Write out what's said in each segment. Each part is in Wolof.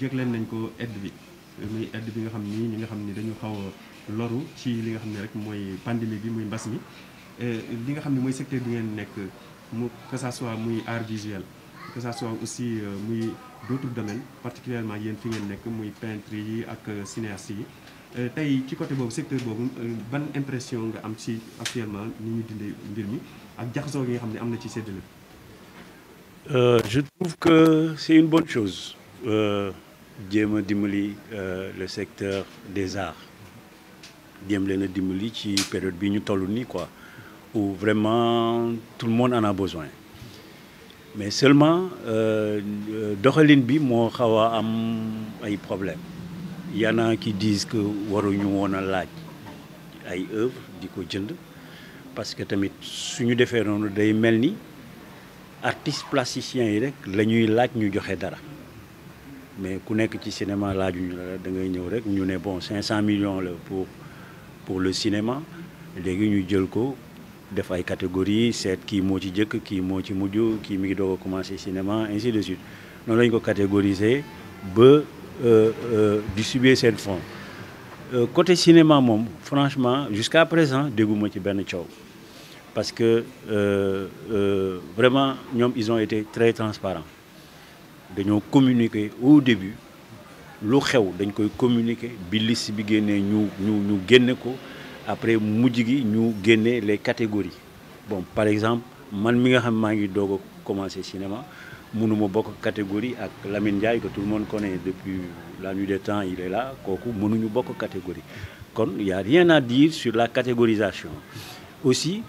jégleen nañ ko aide bi muy ed bi nga xam ni ñi nga xam ni dañu xaw a loru ci li nga xam ne rek mooy pandémie bi muy mbas mi li nga xam ne mooy secteur bi ngeen nekk mu que ça soit muy art visuel que ça soit aussi euh, muy d'autres domaines particulièrement yéen fi ngeen nekk muy peintre yi ak euh, cinéaste yi euh, tey ci côté boobu secteur boobu ban impression nga am ci actuellement ni ñu dindi mbir mi ak jaxasoo gi nga xam ne am na ci séddale je trouve que c'est une bonne chose jéem a dimbali euh, le secteur des arts jéem leen a dimbali ci période bi ñu toll nii quoi où vraiment tout le monde en a besoin mais seulement euh, doxalin bi moo xaw a am ay problèmes y en a qui disent waruñu woon a laaj ay œuvres di ko jënd parce que tamit suñu defee noonu day mel ni artistes plasticiens yi rek la ñuy laaj ñu joxe dara. mais ku nekk ci cinéma laajuñu la da ngay ñëw rek ñu ne bon 500 millions la pour pour le cinéma léegi ñu jël ko def ay catégories seet kii moo ci jëkk kii moo ci mujj kii mi ngi doo a commencé cinéma ainsi de suite noonu lañ ko catégoriser ba euh, euh, distribuer seen fonds euh, côté cinéma moom franchement jusqu'à présent dégguma ci benn coow parce que euh, vraiment ñoom ils ont été très transparents dañoo communiquer au début lu xew dañ koy communiquer bi bi génnee ñu ñu ñu génne ko après mujj gi ñu génnee les catégories bon par exemple man mi nga xam maa ngi doog a commencé cinéma mënuma bokk catégorie ak Lamine Ndiaye que tout le monde connaît depuis la nuit des temps il est la kooku mënuñu bokk catégorie kon y a rien à dire sur la catégorisation aussi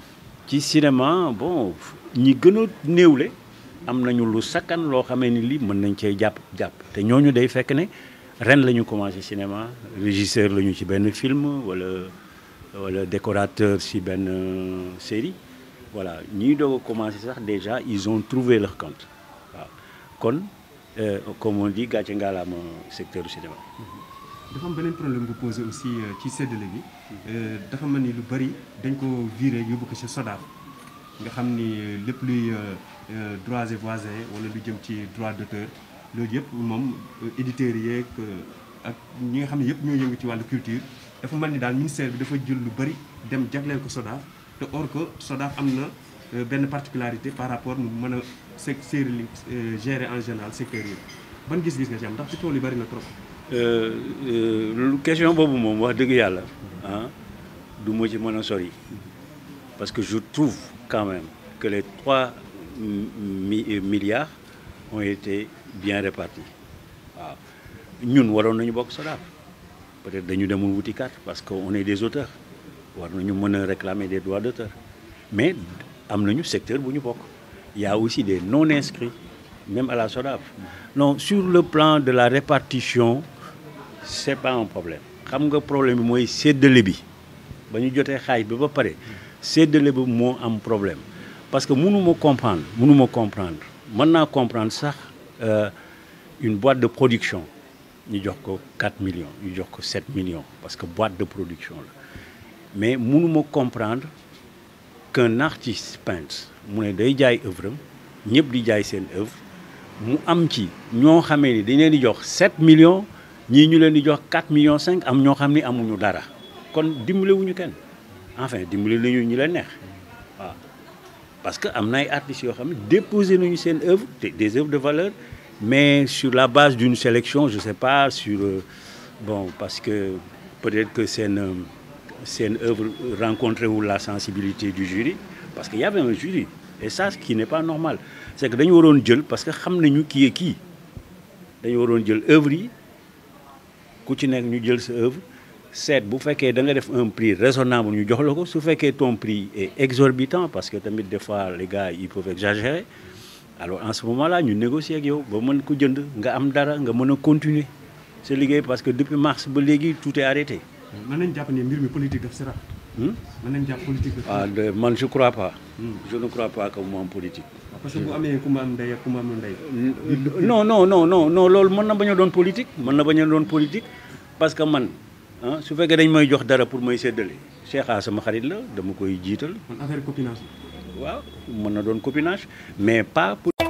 ci cinéma bon ñi gën a néewle am nañu lu sakkan loo xamee ni lii mën nañ cee jàpp jàpp te ñooñu day fekk ne ren la ñu commencé cinéma régisseur la ñu ci benn film wala wala décorateur ci benn euh, série voilà ñuy doog a commencé sax déjà ils ont trouvé leur compte waaw kon euh, comme di dit gàcce ngaalaama secteur cinéma. Mm-hmm. dafa am beneen problème bu posé aussi euh, ci séddale bi mm-hmm. dafa mel ni lu bari dañ ko viré yóbbu ko ci SODAV. nga xam ni euh, lépp luy euh, euh, droits et voisins wala lu jëm ci droit d'auteur loolu yëpp moom éditeurs yeeg ak ñi nga xam ne yëpp ñoo yëngu ci wàllu culture dafa mel ni daal ministère bi dafa jul lu bëri dem jagleel ko SODAV te or que SODAV am na benn particularité par rapport mu mën a se séeréer gérer en général secteur yi ban gis-gis nga ci am ndax ci tool yi bëri na trop. lu question boobu moom wax dëgg yàlla ah du ma ci mën a sori parce que je trouve. quand même que les 3 euh, milliards ont été bien répartis waaw ñun waroon nañu bokk SODAV peut-être dañu demul wuti carte parce que on est des auteurs war nañu mën a des droits d'auteur mais am nañu secteur bu ñu bokk y a aussi des non inscrits même à la SODAV non sur le plan de la répartition c'est pas un problème xam nga problème bi mooy séddale bi ba ñu jotee xaaj bi ba pare séddale ba moo am problème parce que mënuma comprendre mënuma comprendre mën naa comprendre sax euh, une boîte de production ñu jox ko 4 millions ñu jox ko 7 millions parce que boîte de production la mais mënuma comprendre que artiste peintre mu ne day jaay œuvre am ñëpp di jaay seen œuvre mu am ci ñoo xamee ni dañ leen di jox 7 millions ñii ñu leen di jox 4 millions 5 am ñoo xam ni amuñu dara kon dimbale kenn enfin dimbali nañu ñu la neex waaw parce que am na ay artistes yoo xam ne déposé nañu seen œuvre des œuvres de valeur mais sur la base d'une sélection je sais pas sur euh, bon parce que peut-être que seen euh, seen œuvre rencontre wu la sensibilité du jury parce que y avait un jury et ça ce qui n'est pas normal c'est que dañu waroon jël parce que xam nañu kii kii dañu waroon jël œuvre yi ku ci nekk ñu jël sa œuvre seet bu fekkee da nga def un prix raisonnable ñu jox la ko su fekkee ton prix est exorbitant parce que tamit des fois les gars ils exagérer alors en ce moment là ñu négocier yow ba man ko jënd nga am dara nga mën a continuer sa liggéey parce que depuis mars ba léegi tout est arrêté. mën nañu mi politique daf si rax. Hmm? mën nañu jàpp politique ah man je crois pas. Hmm. je ne crois pas que mu am politique. Ah, parce que bu amee loolu mën na bañ a doon politique mën na bañ a doon politique parce que man. ah su fekkee dañ may jox dara pour may séddale Cheikh sama xarit la dama koy jiital. man affaire copinage la. waaw mën na doon copinage mais pas pour.